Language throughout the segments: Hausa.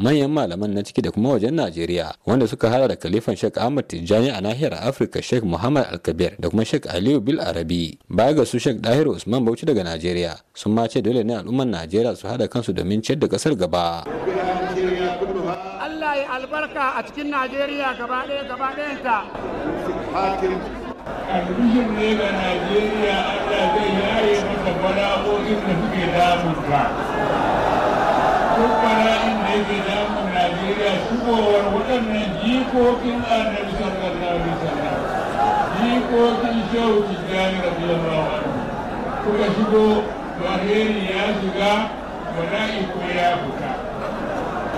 manyan malaman na ciki da kuma wajen Najeriya wanda suka hada da kalifan Sheikh Ahmad Tijjani a nahiyar Afirka Sheikh Muhammad Alkabir da kuma Sheikh Aliyu Bil Arabi baya ga su Sheikh Dahir Usman Bauchi daga Najeriya sun ma ce dole ne al'ummar Najeriya su hada kansu domin ciyar da kasar gaba. Allah ya albarka a cikin Najeriya gaba ɗaya gaba ɗayanta. Abin ne ga Najeriya Allah zai yaye masa bala'o'in da suke damun ba. duk bala'in da yake damun Najeriya shigowar waɗannan jikokin annabi sallallahu alaihi wasallam jikokin shehu tijjani radiyallahu anhu kuka shigo alheri ya shiga bala'i ko ya fita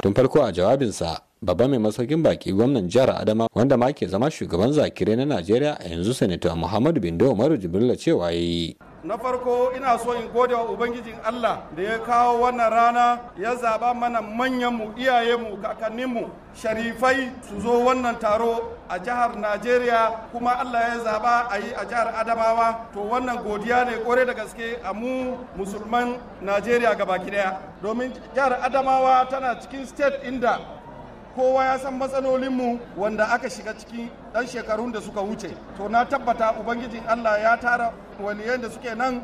tun farko a jawabinsa babban mai masaukin baki gwamnan jihar adama wanda ma ke zama shugaban zakirai na najeriya a yanzu sanata muhammadu bindo umaru jibrila cewa ya yi na farko ina so in gode wa ubangijin Allah da ya kawo wannan rana ya zaba mana manyan manyanmu kakannin kakanninmu sharifai su zo wannan taro a jihar Najeriya kuma Allah ya zaba a yi a jihar Adamawa to wannan godiya ne kore da gaske a mu musulman Najeriya gabaki daya domin jihar Adamawa tana cikin state inda kowa ya san matsalolinmu wanda aka shiga cikin ɗan shekarun da suka wuce to na tabbata ubangijin allah ya tara waliyan da suke nan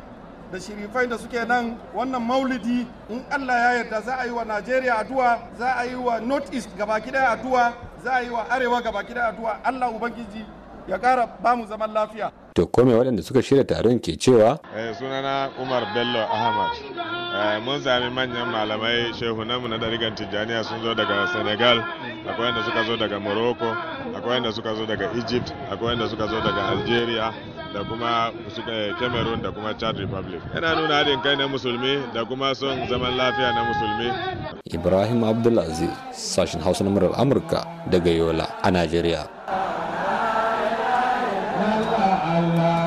da shirifai da suke nan wannan maulidi in allah ya yarda za a yi wa najeriya addu'a za a yi wa north east gabaki daya addu'a za a yi wa arewa gabaki daya addu'a allah ubangiji ya kara bamu zaman lafiya. To kome waɗanda suka shirya taron ke cewa? Eh, sunana Umar Bello Ahmad. Eh, mun sami manyan malamai shehu, namu na ɗarigan Tijjaniya sun zo daga Senegal, akwai wanda suka zo daga Morocco, akwai wanda suka zo daga Egypt, akwai wanda suka zo daga Algeria, da kuma eh, Cameroon da kuma Chad Republic. Yana nuna haɗin kai na musulmi da kuma son zaman lafiya na musulmi. Ibrahim Abdulaziz, sashen Hausa na Amurka daga Yola a Najeriya. Allah, Allah.